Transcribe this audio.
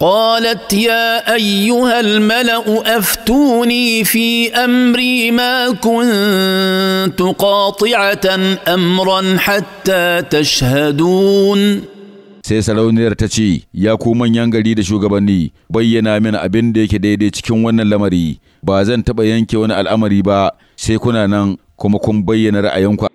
قالت يا ايها الملا افتوني في امري ما كنت قاطعه امرا حتى تشهدون sai sarauniyar ta ce ya ku manyan gari da shugabanni bayyana min abin da yake daidai cikin wannan lamari ba zan taɓa yanke wani al'amari ba sai kuna nan kuma kun bayyana ra'ayinku